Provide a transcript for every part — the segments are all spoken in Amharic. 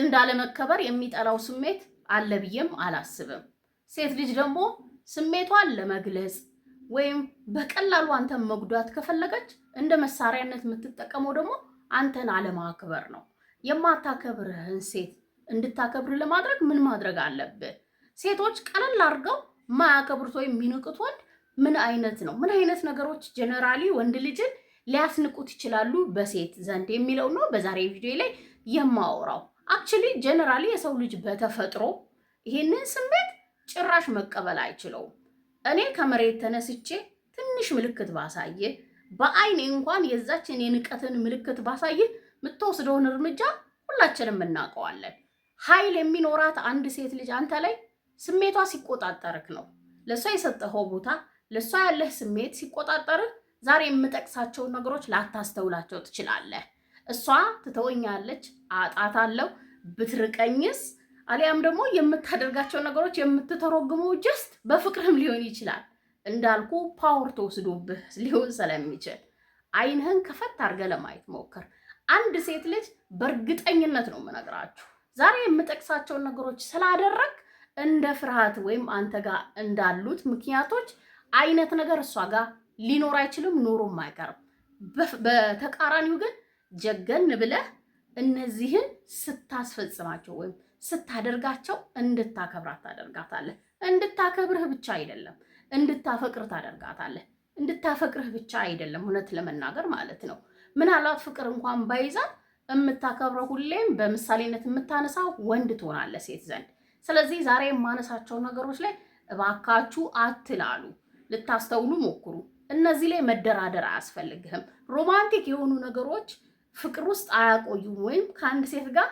እንዳለመከበር የሚጠላው ስሜት አለ ብዬም አላስብም። ሴት ልጅ ደግሞ ስሜቷን ለመግለጽ ወይም በቀላሉ አንተን መጉዳት ከፈለገች እንደ መሳሪያነት የምትጠቀመው ደግሞ አንተን አለማክበር ነው። የማታከብርህን ሴት እንድታከብር ለማድረግ ምን ማድረግ አለብህ? ሴቶች ቀለል አድርገው ማያከብሩት ወይም የሚንቁት ወንድ ምን አይነት ነው? ምን አይነት ነገሮች ጀነራሊ ወንድ ልጅን ሊያስንቁት ይችላሉ በሴት ዘንድ የሚለው ነው በዛሬ ቪዲዮ ላይ የማወራው። አክቹሊ ጀነራሊ የሰው ልጅ በተፈጥሮ ይሄንን ስሜት ጭራሽ መቀበል አይችለውም። እኔ ከመሬት ተነስቼ ትንሽ ምልክት ባሳየ፣ በአይን እንኳን የዛችን የንቀትን ምልክት ባሳየ የምትወስደውን እርምጃ ሁላችንም እናውቀዋለን። ኃይል የሚኖራት አንድ ሴት ልጅ አንተ ላይ ስሜቷ ሲቆጣጠርክ ነው። ለእሷ የሰጠኸው ቦታ፣ ለእሷ ያለህ ስሜት ሲቆጣጠርህ ዛሬ የምጠቅሳቸውን ነገሮች ላታስተውላቸው ትችላለህ። እሷ ትተወኛለች፣ አጣታለሁ፣ ብትርቀኝስ አሊያም ደግሞ የምታደርጋቸው ነገሮች የምትተረጉመው ጀስት በፍቅርም ሊሆን ይችላል እንዳልኩ ፓወር ተወስዶብህ ሊሆን ስለሚችል አይንህን ከፈት አድርገህ ለማየት ሞክር። አንድ ሴት ልጅ በእርግጠኝነት ነው የምነግራችሁ ዛሬ የምጠቅሳቸውን ነገሮች ስላደረግ እንደ ፍርሃት ወይም አንተ ጋር እንዳሉት ምክንያቶች አይነት ነገር እሷ ጋር ሊኖር አይችልም፣ ኖሮም አይቀርም። በተቃራኒው ግን ጀገን ብለህ እነዚህን ስታስፈጽማቸው ወይም ስታደርጋቸው እንድታከብራት ታደርጋታለህ። እንድታከብርህ ብቻ አይደለም፣ እንድታፈቅርህ ታደርጋታለህ። እንድታፈቅርህ ብቻ አይደለም፣ እውነት ለመናገር ማለት ነው። ምናልባት ፍቅር እንኳን ባይዛ የምታከብረው ሁሌም በምሳሌነት የምታነሳው ወንድ ትሆናለህ ሴት ዘንድ። ስለዚህ ዛሬ የማነሳቸው ነገሮች ላይ እባካችሁ አትላሉ፣ ልታስተውሉ ሞክሩ። እነዚህ ላይ መደራደር አያስፈልግህም። ሮማንቲክ የሆኑ ነገሮች ፍቅር ውስጥ አያቆዩም ወይም ከአንድ ሴት ጋር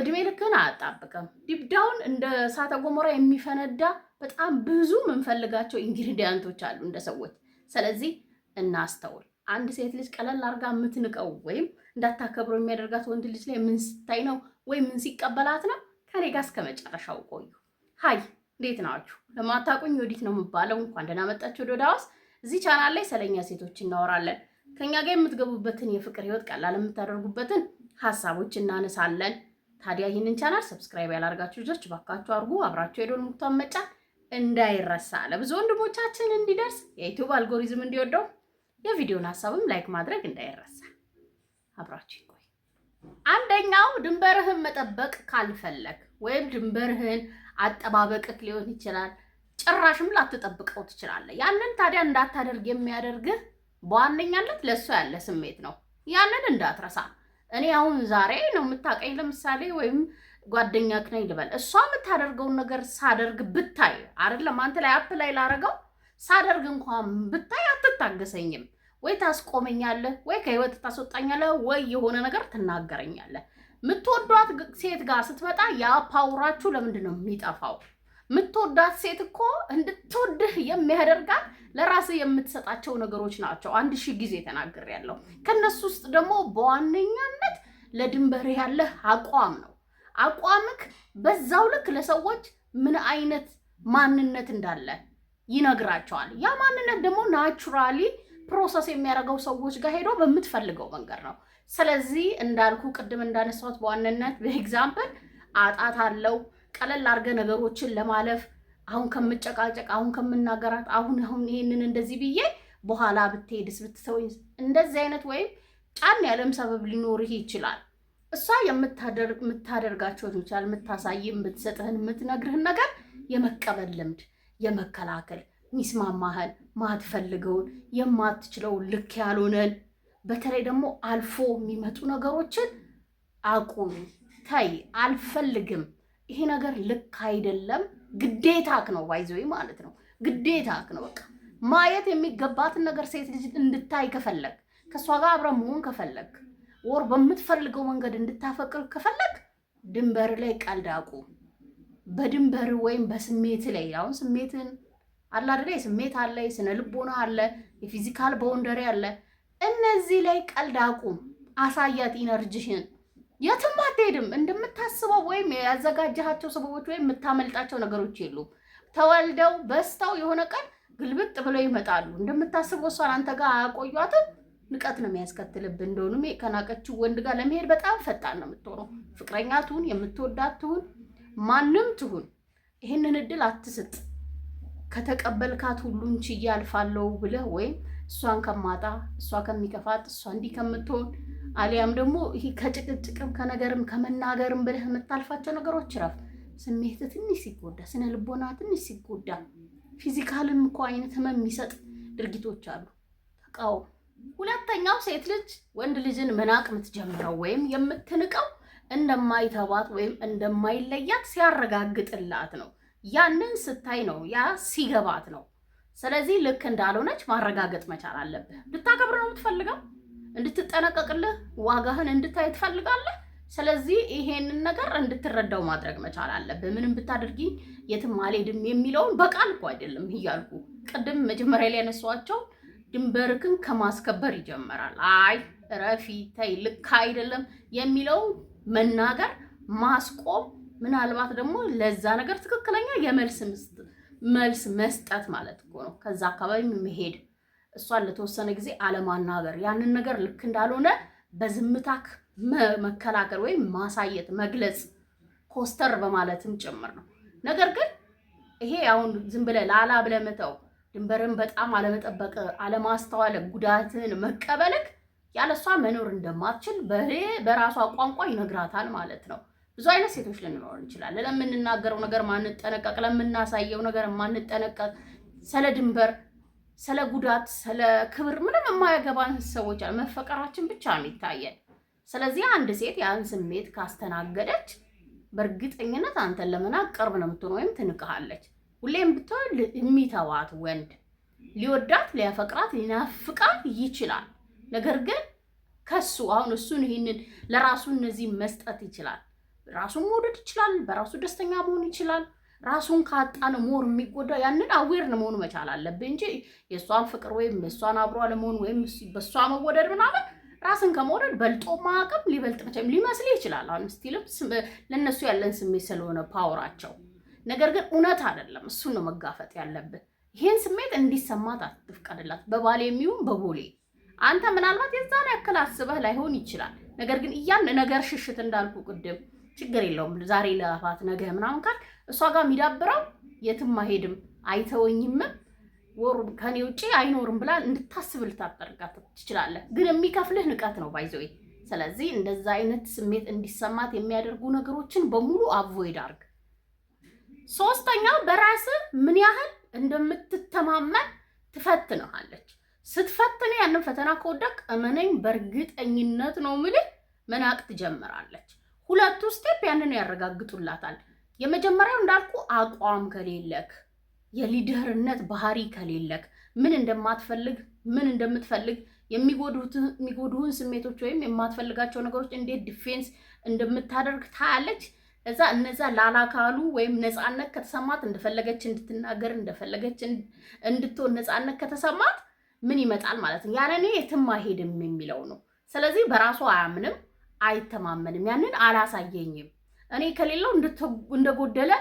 እድሜ ልክን አያጣብቅም። ዲብዳውን እንደ እሳተ ገሞራ የሚፈነዳ በጣም ብዙ የምንፈልጋቸው ኢንግሪዲያንቶች አሉ እንደ ሰዎች። ስለዚህ እናስተውል። አንድ ሴት ልጅ ቀለል አድርጋ የምትንቀው ወይም እንዳታከብረው የሚያደርጋት ወንድ ልጅ ላይ ምን ስታይ ነው ወይም ምን ሲቀበላት ነው? ከኔ ጋር እስከ መጨረሻው ቆዩ። ሀይ እንዴት ናችሁ? ለማታቁኝ ወዲት ነው የምባለው። እንኳን ደህና መጣችሁ ወደ ዮድ እዚህ ቻናል ላይ ስለኛ ሴቶች እናወራለን ከኛ ጋር የምትገቡበትን የፍቅር ህይወት ቀላል የምታደርጉበትን ሀሳቦች እናነሳለን። ታዲያ ይህንን ቻናል ሰብስክራይብ ያላርጋችሁ ልጆች ባካችሁ አርጉ። አብራችሁ የደወል ምልክቱን መጫን እንዳይረሳ። ለብዙ ወንድሞቻችን እንዲደርስ የዩቲዩብ አልጎሪዝም እንዲወደው የቪዲዮን ሀሳብም ላይክ ማድረግ እንዳይረሳ። አብራችሁ ይቆይ። አንደኛው ድንበርህን መጠበቅ ካልፈለግ ወይም ድንበርህን አጠባበቅህ ሊሆን ይችላል። ጭራሽም ላትጠብቀው ትችላለህ። ያንን ታዲያ እንዳታደርግ የሚያደርግህ በዋነኛነት ለእሷ ያለ ስሜት ነው። ያንን እንዳትረሳ። እኔ አሁን ዛሬ ነው የምታቀኝ ለምሳሌ ወይም ጓደኛ ክነኝ ልበል፣ እሷ የምታደርገውን ነገር ሳደርግ ብታይ አይደለም አንተ ላይ አፕ ላይ ላረገው ሳደርግ እንኳን ብታይ አትታገሰኝም። ወይ ታስቆመኛለህ፣ ወይ ከህይወት ታስወጣኛለህ፣ ወይ የሆነ ነገር ትናገረኛለህ። የምትወዷት ሴት ጋር ስትመጣ ያ ፓውራችሁ ለምንድን ነው የሚጠፋው? የምትወዳት ሴት እኮ እንድትወድህ የሚያደርጋት ለራስህ የምትሰጣቸው ነገሮች ናቸው። አንድ ሺህ ጊዜ ያለው ከነሱ ውስጥ ደግሞ በዋነኛነት ለድንበር ያለህ አቋም ነው። አቋምክ በዛው ልክ ለሰዎች ምን አይነት ማንነት እንዳለ ይነግራቸዋል። ያ ማንነት ደግሞ ናቹራሊ ፕሮሰስ የሚያደርገው ሰዎች ጋር ሄዶ በምትፈልገው መንገድ ነው። ስለዚህ እንዳልኩ ቅድም እንዳነሳሁት በዋነነት በኤግዛምፕል አጣት አለው ቀለል አድርገ ነገሮችን ለማለፍ አሁን ከምጨቃጨቅ አሁን ከምናገራት አሁን አሁን ይሄንን እንደዚህ ብዬ በኋላ ብትሄድስ ብትሰውኝ እንደዚህ አይነት ወይም ጫን ያለም ሰበብ ሊኖርህ ይችላል። እሷ የምታደርጋቸው ይችላል የምታሳይ የምትሰጥህን የምትነግርህን ነገር የመቀበል ልምድ የመከላከል ሚስማማህን ማትፈልገውን የማትችለውን ልክ ያልሆነን በተለይ ደግሞ አልፎ የሚመጡ ነገሮችን አቁም፣ ተይ፣ አልፈልግም ይሄ ነገር ልክ አይደለም፣ ግዴታክ ነው ባይዘይ ማለት ነው። ግዴታክ ነው በቃ ማየት የሚገባትን ነገር ሴት ልጅ እንድታይ ከፈለግ፣ ከእሷ ጋር አብረ መሆን ከፈለግ፣ ወር በምትፈልገው መንገድ እንድታፈቅር ከፈለግ ድንበር ላይ ቀልድ አቁም። በድንበር ወይም በስሜት ላይ አሁን ስሜትን አለ አይደለ? ስሜት አለ፣ ስነ ልቦና አለ፣ የፊዚካል ባውንደሪ አለ። እነዚህ ላይ ቀልድ አቁም። አሳያት ኢነርጂሽን የትም አትሄድም። እንደምታስበው ወይም ያዘጋጀሃቸው ሰበቦች ወይም የምታመልጣቸው ነገሮች የሉም። ተወልደው በስተው የሆነ ቀን ግልብጥ ብለው ይመጣሉ። እንደምታስበው እሷን አንተ ጋር አያቆዩትም። ንቀት ነው የሚያስከትልብ። እንደሆኑ ከናቀችው ወንድ ጋር ለመሄድ በጣም ፈጣን ነው የምትሆነው። ፍቅረኛ ትሁን፣ የምትወዳት ትሁን፣ ማንም ትሁን፣ ይህንን እድል አትስጥ። ከተቀበልካት ሁሉን ችዬ አልፋለሁ ብለህ ወይም እሷን ከማጣ እሷ ከሚከፋት እሷ እንዲህ ከምትሆን አሊያም ደግሞ ይሄ ከጭቅጭቅም ከነገርም ከመናገርም ብለህ የምታልፋቸው ነገሮች ረፍ ስሜት ትንሽ ሲጎዳ፣ ስነ ልቦና ትንሽ ሲጎዳ፣ ፊዚካልም እኮ አይነት ህመም የሚሰጥ ድርጊቶች አሉ። ተቃውም። ሁለተኛው ሴት ልጅ ወንድ ልጅን መናቅ የምትጀምረው ወይም የምትንቀው እንደማይተባት ወይም እንደማይለያት ሲያረጋግጥላት ነው። ያንን ስታይ ነው፣ ያ ሲገባት ነው። ስለዚህ ልክ እንዳልሆነች ማረጋገጥ መቻል አለብህ። እንድታከብር ነው የምትፈልገው፣ እንድትጠነቀቅልህ፣ ዋጋህን እንድታይ ትፈልጋለህ። ስለዚህ ይሄንን ነገር እንድትረዳው ማድረግ መቻል አለብህ። ምንም ብታደርጊ የትም አልሄድም የሚለውን በቃል እኮ አይደለም እያልኩ ቅድም መጀመሪያ ላይ ያነሷቸው ድንበርክን ከማስከበር ይጀመራል። አይ ረፊ ተይ፣ ልክ አይደለም የሚለው መናገር ማስቆም፣ ምናልባት ደግሞ ለዛ ነገር ትክክለኛ የመልስ ምስት መልስ መስጠት ማለት እኮ ነው። ከዛ አካባቢ መሄድ፣ እሷን ለተወሰነ ጊዜ አለማናገር፣ ያንን ነገር ልክ እንዳልሆነ በዝምታክ መከላከል ወይም ማሳየት፣ መግለጽ፣ ኮስተር በማለትም ጭምር ነው። ነገር ግን ይሄ አሁን ዝም ብለህ ላላ ብለህ መተው፣ ድንበርን በጣም አለመጠበቅ፣ አለማስተዋል፣ ጉዳትን መቀበልክ ያለሷ መኖር እንደማትችል በራሷ ቋንቋ ይነግራታል ማለት ነው። ብዙ አይነት ሴቶች ልንኖር እንችላለን። ለምንናገረው ነገር ማንጠነቀቅ፣ ለምናሳየው ነገር ማንጠነቀቅ፣ ስለ ድንበር፣ ስለ ጉዳት፣ ስለ ክብር ምንም የማያገባን ሰዎች መፈቀራችን ብቻ ነው ይታየን። ስለዚህ አንድ ሴት ያን ስሜት ካስተናገደች በእርግጠኝነት አንተን ለመናቅ ቅርብ ነው የምትሆን ወይም ትንቅሃለች። ሁሌም ብትሆን የሚተዋት ወንድ ሊወዳት ሊያፈቅራት ሊናፍቃት ይችላል። ነገር ግን ከሱ አሁን እሱን ይህንን ለራሱ እነዚህ መስጠት ይችላል ራሱን መውደድ ይችላል። በራሱ ደስተኛ መሆን ይችላል። ራሱን ካጣ ነው ሞር የሚጎዳው። ያንን አዌር ነው መሆኑ መቻል አለብህ እንጂ የእሷን ፍቅር ወይም የእሷን አብሮ አለመሆን ወይም በእሷ መወደድ ምናምን ራስን ከመውደድ በልጦ ማዕቀብ ሊበልጥ መቼም ሊመስልህ ይችላል። አሁን ስቲልም ለእነሱ ያለን ስሜት ስለሆነ ፓወራቸው፣ ነገር ግን እውነት አይደለም። እሱን ነው መጋፈጥ ያለብህ። ይህን ስሜት እንዲሰማት አትፍቀድላት፣ በባሌ የሚሆን በቦሌ አንተ ምናልባት የዛን ያክል አስበህ ላይሆን ይችላል። ነገር ግን እያን ነገር ሽሽት እንዳልኩ ቅድም ችግር የለውም ዛሬ ለፋት ነገ ምናምን ካል እሷ ጋር የሚዳብረው የትም አይሄድም አይተወኝም ወሩ ከኔ ውጭ አይኖርም ብላ እንድታስብ ልታጠርቃት ትችላለህ። ግን የሚከፍልህ ንቀት ነው ባይዘ ስለዚህ እንደዛ አይነት ስሜት እንዲሰማት የሚያደርጉ ነገሮችን በሙሉ አቮይድ አርግ። ሶስተኛው በራስ ምን ያህል እንደምትተማመን ትፈትንሃለች። ስትፈትን ያንን ፈተና ከወደቅ እመነኝ፣ በእርግጠኝነት ነው ምልህ መናቅ ትጀምራለች። ሁለቱ ስቴፕ ያንን ያረጋግጡላታል። የመጀመሪያው እንዳልኩ አቋም ከሌለክ፣ የሊደርነት ባህሪ ከሌለክ፣ ምን እንደማትፈልግ ምን እንደምትፈልግ የሚጎዱህን ስሜቶች ወይም የማትፈልጋቸው ነገሮች እንዴት ዲፌንስ እንደምታደርግ ታያለች። እዛ እነዛ ላላካሉ ወይም ነፃነት ከተሰማት እንደፈለገች እንድትናገር እንደፈለገች እንድትሆን ነፃነት ከተሰማት ምን ይመጣል ማለት ነው? ያለ እኔ የትም አይሄድም የሚለው ነው። ስለዚህ በራሱ አያምንም አይተማመንም። ያንን አላሳየኝም። እኔ ከሌለው እንደጎደለ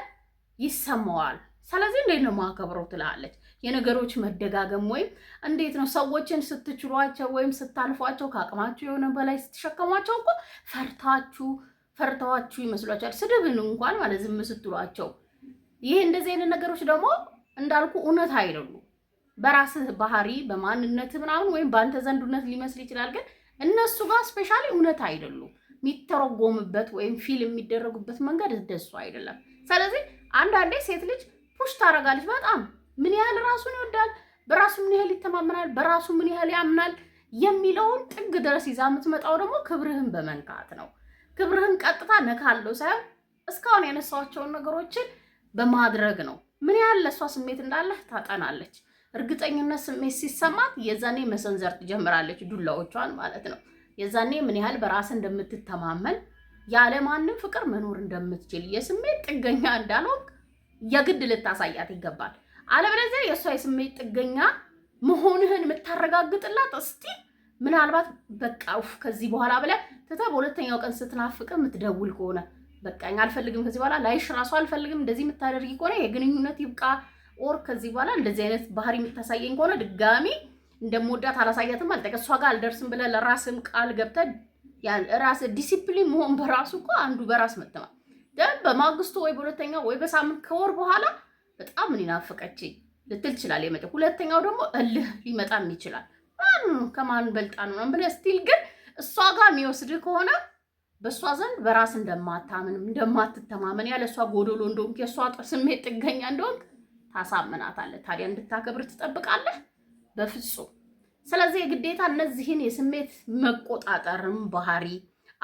ይሰማዋል። ስለዚህ እንዴት ነው ማከብረው ትላለች። የነገሮች መደጋገም ወይም እንዴት ነው ሰዎችን ስትችሏቸው ወይም ስታልፏቸው ከአቅማችሁ የሆነ በላይ ስትሸከሟቸው እኮ ፈርታችሁ ፈርተዋችሁ ይመስሏቸዋል። ስድብን እንኳን ማለት ዝም ስትሏቸው፣ ይሄ እንደዚህ አይነት ነገሮች ደግሞ እንዳልኩ እውነት አይደሉ። በራስህ ባህሪ በማንነት ምናምን ወይም በአንተ ዘንድ እውነት ሊመስል ይችላል ግን እነሱ ጋር ስፔሻሊ እውነት አይደሉም። የሚተረጎምበት ወይም ፊል የሚደረጉበት መንገድ እንደሱ አይደለም። ስለዚህ አንዳንዴ ሴት ልጅ ፑሽ ታደርጋለች። በጣም ምን ያህል ራሱን ይወዳል፣ በራሱ ምን ያህል ይተማመናል፣ በራሱ ምን ያህል ያምናል የሚለውን ጥግ ድረስ ይዛ የምትመጣው ደግሞ ክብርህን በመንካት ነው። ክብርህን ቀጥታ ነካለው ሳይሆን እስካሁን ያነሳቸውን ነገሮችን በማድረግ ነው። ምን ያህል ለእሷ ስሜት እንዳለህ ታጠናለች። እርግጠኝነት ስሜት ሲሰማት የዛኔ መሰንዘር ትጀምራለች፣ ዱላዎቿን ማለት ነው። የዛኔ ምን ያህል በራስ እንደምትተማመን ያለማንም ፍቅር መኖር እንደምትችል የስሜት ጥገኛ እንዳልሆንክ የግድ ልታሳያት ይገባል። አለበለዚያ የእሷ የስሜት ጥገኛ መሆንህን የምታረጋግጥላት እስቲ ምናልባት በቃ ውፍ ከዚህ በኋላ ብለህ ትተህ በሁለተኛው ቀን ስትናፍቅ የምትደውል ከሆነ በቃኝ አልፈልግም፣ ከዚህ በኋላ ላይሽ ራሱ አልፈልግም፣ እንደዚህ የምታደርጊ ከሆነ የግንኙነት ይብቃ ኦር ከዚህ በኋላ እንደዚህ አይነት ባህሪ የምታሳየኝ ከሆነ ድጋሚ እንደምወዳት አላሳያትም አልጠቀ እሷ ጋር አልደርስም ብለህ ለራስም ቃል ገብተህ ራስ ዲሲፕሊን መሆን በራሱ እኮ አንዱ በራስ መተማመን ደም በማግስቱ ወይ በሁለተኛ ወይ በሳምንት ከወር በኋላ በጣም እኔን ናፈቀችኝ ልትል ይችላል። የመ ሁለተኛው ደግሞ እልህ ሊመጣም ይችላል። ማን ከማን በልጣ ነው ብለህ ስቲል ግን እሷ ጋር የሚወስድህ ከሆነ በእሷ ዘንድ በራስ እንደማታምንም እንደማትተማመን ያለ እሷ ጎዶሎ እንደሆንክ የእሷ ስሜት ጥገኛ እንደሆንክ ታሳምናታለህ። ታዲያ እንድታከብር ትጠብቃለህ? በፍጹም። ስለዚህ የግዴታ እነዚህን የስሜት መቆጣጠርን ባህሪ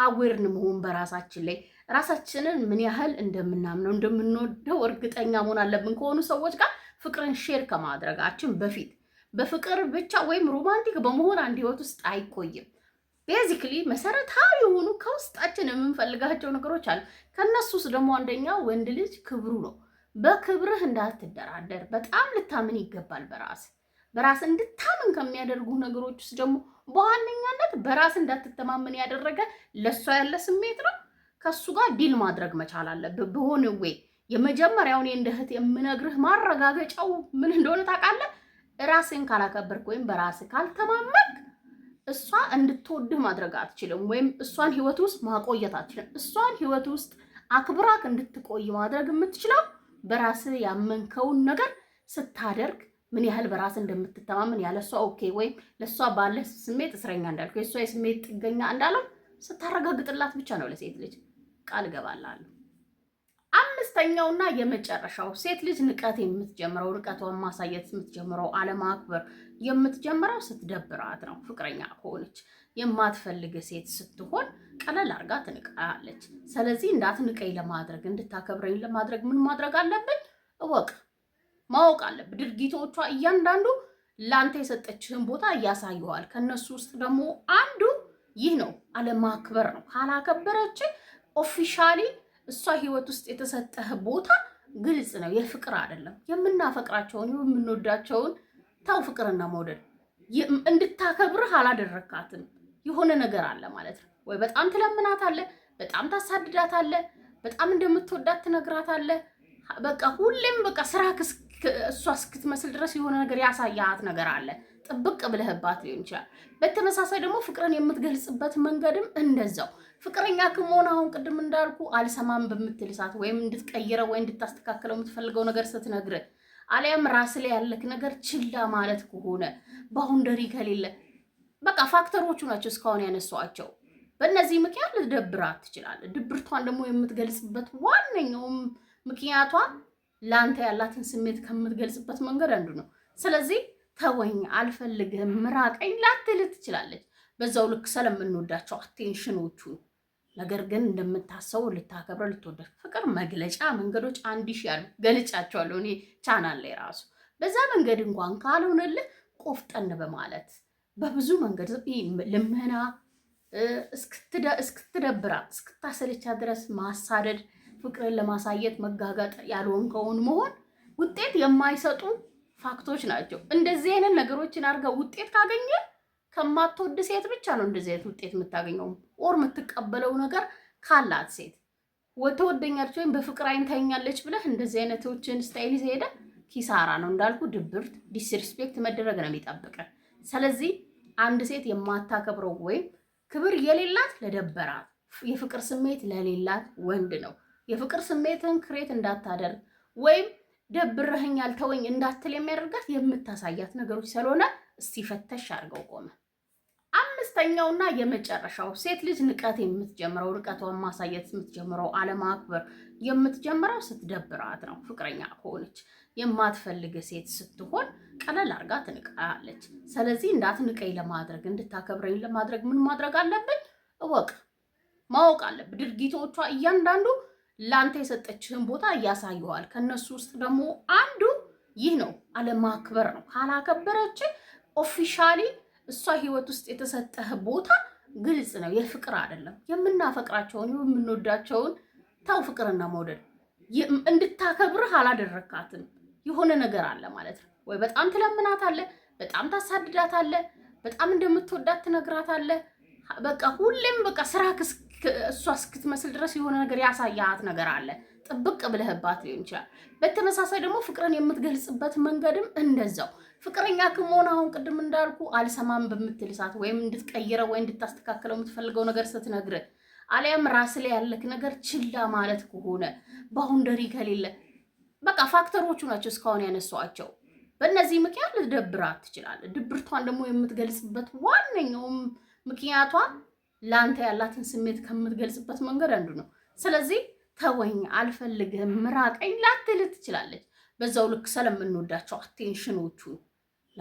አዌርን መሆን በራሳችን ላይ ራሳችንን ምን ያህል እንደምናምነው እንደምንወደው እርግጠኛ መሆን አለብን። ከሆኑ ሰዎች ጋር ፍቅርን ሼር ከማድረጋችን በፊት በፍቅር ብቻ ወይም ሮማንቲክ በመሆን አንድ ህይወት ውስጥ አይቆይም። ቤዚክሊ መሰረታዊ የሆኑ ከውስጣችን የምንፈልጋቸው ነገሮች አሉ። ከእነሱ ውስጥ ደግሞ አንደኛው ወንድ ልጅ ክብሩ ነው። በክብርህ እንዳትደራደር። በጣም ልታምን ይገባል። በራስ በራስ እንድታምን ከሚያደርጉ ነገሮች ውስጥ ደግሞ በዋነኛነት በራስ እንዳትተማመን ያደረገ ለእሷ ያለ ስሜት ነው። ከሱ ጋር ዲል ማድረግ መቻል አለብህ። በሆነ ወይ የመጀመሪያውን እንደ እህት የምነግርህ ማረጋገጫው ምን እንደሆነ ታውቃለህ? ራስን ካላከበርክ ወይም በራስ ካልተማመንክ እሷ እንድትወድህ ማድረግ አትችልም፣ ወይም እሷን ህይወት ውስጥ ማቆየት አትችልም። እሷን ህይወት ውስጥ አክብራክ እንድትቆይ ማድረግ የምትችለው በራስ ያመንከውን ነገር ስታደርግ ምን ያህል በራስ እንደምትተማመን ያለ ኦኬ ወይም ለእሷ ባለ ስሜት እስረኛ እንዳልኩ የእሷ የስሜት ጥገኛ እንዳለው ስታረጋግጥላት ብቻ ነው ለሴት ልጅ ቃል እገባላለሁ። አምስተኛውና የመጨረሻው ሴት ልጅ ንቀት የምትጀምረው ንቀቷን ማሳየት የምትጀምረው አለማክበር የምትጀምረው ስትደብራት ነው። ፍቅረኛ ከሆነች የማትፈልግ ሴት ስትሆን ቀለል አድርጋ ትንቃለች። ስለዚህ እንዳትንቀኝ ለማድረግ እንድታከብረኝ ለማድረግ ምን ማድረግ አለብን? እወቅ፣ ማወቅ አለብን። ድርጊቶቿ እያንዳንዱ ለአንተ የሰጠችህን ቦታ እያሳየዋል። ከእነሱ ውስጥ ደግሞ አንዱ ይህ ነው፣ አለማክበር ነው። ካላከበረች ኦፊሻሊ እሷ ህይወት ውስጥ የተሰጠህ ቦታ ግልጽ ነው፣ የፍቅር አይደለም። የምናፈቅራቸውን የምንወዳቸውን ታው ፍቅርና መውደድ እንድታከብርህ አላደረካትም። የሆነ ነገር አለ ማለት ነው። ወይ በጣም ትለምናታለህ፣ በጣም ታሳድዳታለህ፣ በጣም እንደምትወዳት ትነግራታለህ። በቃ ሁሌም በቃ ስራ እሷ እስክትመስል ድረስ የሆነ ነገር ያሳያት ነገር አለ። ጥብቅ ብለህባት ሊሆን ይችላል። በተመሳሳይ ደግሞ ፍቅርን የምትገልጽበት መንገድም እንደዛው ፍቅረኛ ከመሆን አሁን ቅድም እንዳልኩ አልሰማም በምትል ሰዓት ወይም እንድትቀይረው ወይ እንድታስተካክለው የምትፈልገው ነገር ስትነግርህ አሊያም ራስ ላይ ያለክ ነገር ችላ ማለት ከሆነ ባውንደሪ ከሌለ በቃ ፋክተሮቹ ናቸው እስካሁን ያነሷቸው። በእነዚህ ምክንያት ልደብራት ትችላለህ። ድብርቷን ደግሞ የምትገልጽበት ዋነኛውም ምክንያቷ ለአንተ ያላትን ስሜት ከምትገልጽበት መንገድ አንዱ ነው። ስለዚህ ተወኝ፣ አልፈልግህም፣ ምራቀኝ ላትልህ ትችላለች። በዛው ልክ ስለምንወዳቸው አቴንሽኖቹ ነገር ግን እንደምታሰቡ ልታከብረ ልትወደ ፍቅር መግለጫ መንገዶች አንድ ሺ ያሉ ገልጫቸዋለሁ እኔ ቻናል ላይ ራሱ በዛ መንገድ እንኳን ካልሆነልህ ቆፍጠን በማለት በብዙ መንገድ ልመና እስክትደብራት እስክታሰለቻ ድረስ ማሳደድ፣ ፍቅርን ለማሳየት መጋጋጥ፣ ያልሆንከውን መሆን ውጤት የማይሰጡ ፋክቶች ናቸው። እንደዚህ አይነት ነገሮችን አድርገህ ውጤት ካገኘ ከማትወድ ሴት ብቻ ነው እንደዚህ አይነት ውጤት የምታገኘው። ኦር የምትቀበለው ነገር ካላት ሴት ወተወደኛለች ወይም በፍቅር አይን ታይኛለች ብለህ እንደዚህ አይነቶችን ስታይል ይዘህ ኪሳራ ነው እንዳልኩ፣ ድብርት፣ ዲስሪስፔክት መደረግ ነው የሚጠብቅህ። ስለዚህ አንድ ሴት የማታከብረው ወይም ክብር የሌላት ለደበራት፣ የፍቅር ስሜት ለሌላት ወንድ ነው። የፍቅር ስሜትን ክሬት እንዳታደርግ ወይም ደብረህኛል ተወኝ እንዳትል የሚያደርጋት የምታሳያት ነገሮች ስለሆነ እስቲ ፈተሽ አድርገው ቆመ። አምስተኛውና የመጨረሻው ሴት ልጅ ንቀት የምትጀምረው ንቀቷን ማሳየት የምትጀምረው አለማክበር የምትጀምረው ስትደብራት ነው፣ ፍቅረኛ ከሆነች የማትፈልግ ሴት ስትሆን ቀለል አድርጋ ትንቃለች። ስለዚህ እንዳትንቀኝ ለማድረግ እንድታከብረኝ ለማድረግ ምን ማድረግ አለብን? እወቅ፣ ማወቅ አለብ ድርጊቶቿ እያንዳንዱ ለአንተ የሰጠችህን ቦታ እያሳየዋል። ከእነሱ ውስጥ ደግሞ አንዱ ይህ ነው፣ አለማክበር ነው። ካላከበረች ኦፊሻሊ እሷ ህይወት ውስጥ የተሰጠህ ቦታ ግልጽ ነው፣ የፍቅር አይደለም። የምናፈቅራቸውን የምንወዳቸውን ተው፣ ፍቅርና መውደድ እንድታከብርህ አላደረካትም። የሆነ ነገር አለ ማለት ነው። ወይ በጣም ትለምናት አለ፣ በጣም ታሳድዳት አለ፣ በጣም እንደምትወዳት ትነግራት አለ። በቃ ሁሌም በቃ ስራ እሷ እስክትመስል ድረስ የሆነ ነገር ያሳያት ነገር አለ። ጥብቅ ብለህባት ሊሆን ይችላል። በተመሳሳይ ደግሞ ፍቅርን የምትገልጽበት መንገድም እንደዛው ፍቅረኛ ከመሆን አሁን ቅድም እንዳልኩ አልሰማም በምትል ሰዓት ወይም እንድትቀይረው ወይ እንድታስተካክለው የምትፈልገው ነገር ስትነግርህ አሊያም ራስ ላይ ያለክ ነገር ችላ ማለት ከሆነ ባውንደሪ ከሌለ በቃ ፋክተሮቹ ናቸው እስካሁን ያነሷቸው። በእነዚህ ምክንያት ልደብራት ትችላለህ። ድብርቷን ደግሞ የምትገልጽበት ዋነኛውም ምክንያቷ ለአንተ ያላትን ስሜት ከምትገልጽበት መንገድ አንዱ ነው። ስለዚህ ተወኝ፣ አልፈልግህም፣ ምራቀኝ ላትልህ ትችላለች። በዛው ልክ ስለምንወዳቸው አቴንሽኖቹ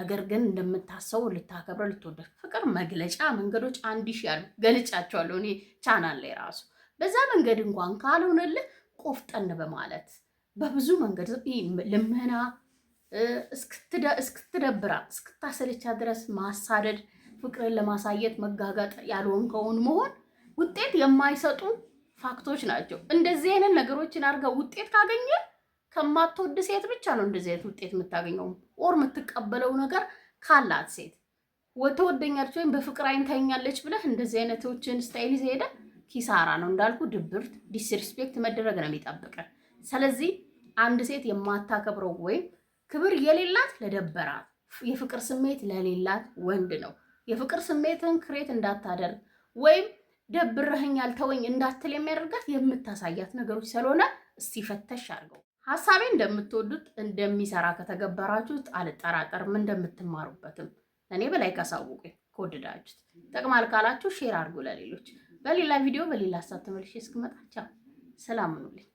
ነገር ግን እንደምታሰቡ ልታከብረ ልትወደ ፍቅር መግለጫ መንገዶች አንድ ሺ ያሉ ገልጫቸዋለሁ እኔ ቻናል ላይ ራሱ በዛ መንገድ እንኳን ካልሆነልህ ቆፍጠን በማለት በብዙ መንገድ ልመና እስክትደብራት እስክታሰለቻ ድረስ ማሳደድ፣ ፍቅርን ለማሳየት መጋጋጥ፣ ያልሆንከውን መሆን ውጤት የማይሰጡ ፋክቶች ናቸው። እንደዚህ አይነት ነገሮችን አድርገህ ውጤት ካገኘ ከማትወድ ሴት ብቻ ነው እንደዚህ አይነት ውጤት የምታገኘው። ኦር የምትቀበለው ነገር ካላት ሴት ወተወደኛለች ወይም በፍቅር አይን ታይኛለች ብለህ እንደዚህ አይነቶችን ስታይል ይዘህ ሄደህ ኪሳራ ነው። እንዳልኩ ድብርት፣ ዲስሪስፔክት መደረግ ነው የሚጠብቀህ። ስለዚህ አንድ ሴት የማታከብረው ወይም ክብር የሌላት ለደበራት የፍቅር ስሜት ለሌላት ወንድ ነው። የፍቅር ስሜትን ክሬት እንዳታደርግ ወይም ደብረህኛል ተወኝ እንዳትል የሚያደርጋት የምታሳያት ነገሮች ስለሆነ ሲፈተሽ ፈተሽ አድርገው። ሀሳቤ እንደምትወዱት እንደሚሰራ ከተገበራችሁት አልጠራጠርም፣ እንደምትማሩበትም እኔ በላይ ካሳውቁኝ ከወደዳችሁት ጠቅማል ካላችሁ ሼር አድርጉ ለሌሎች። በሌላ ቪዲዮ በሌላ ሀሳብ ተመልሼ እስክመጣ ቻው፣ ሰላም ሁኑልኝ።